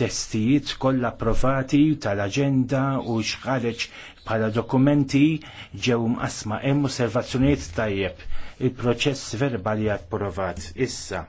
testijiet kollha approvati tal-aġenda u xħareġ bħala dokumenti ġew mqasma hemm osservazzjonijiet tajjeb. Il-proċess verbali approvat issa.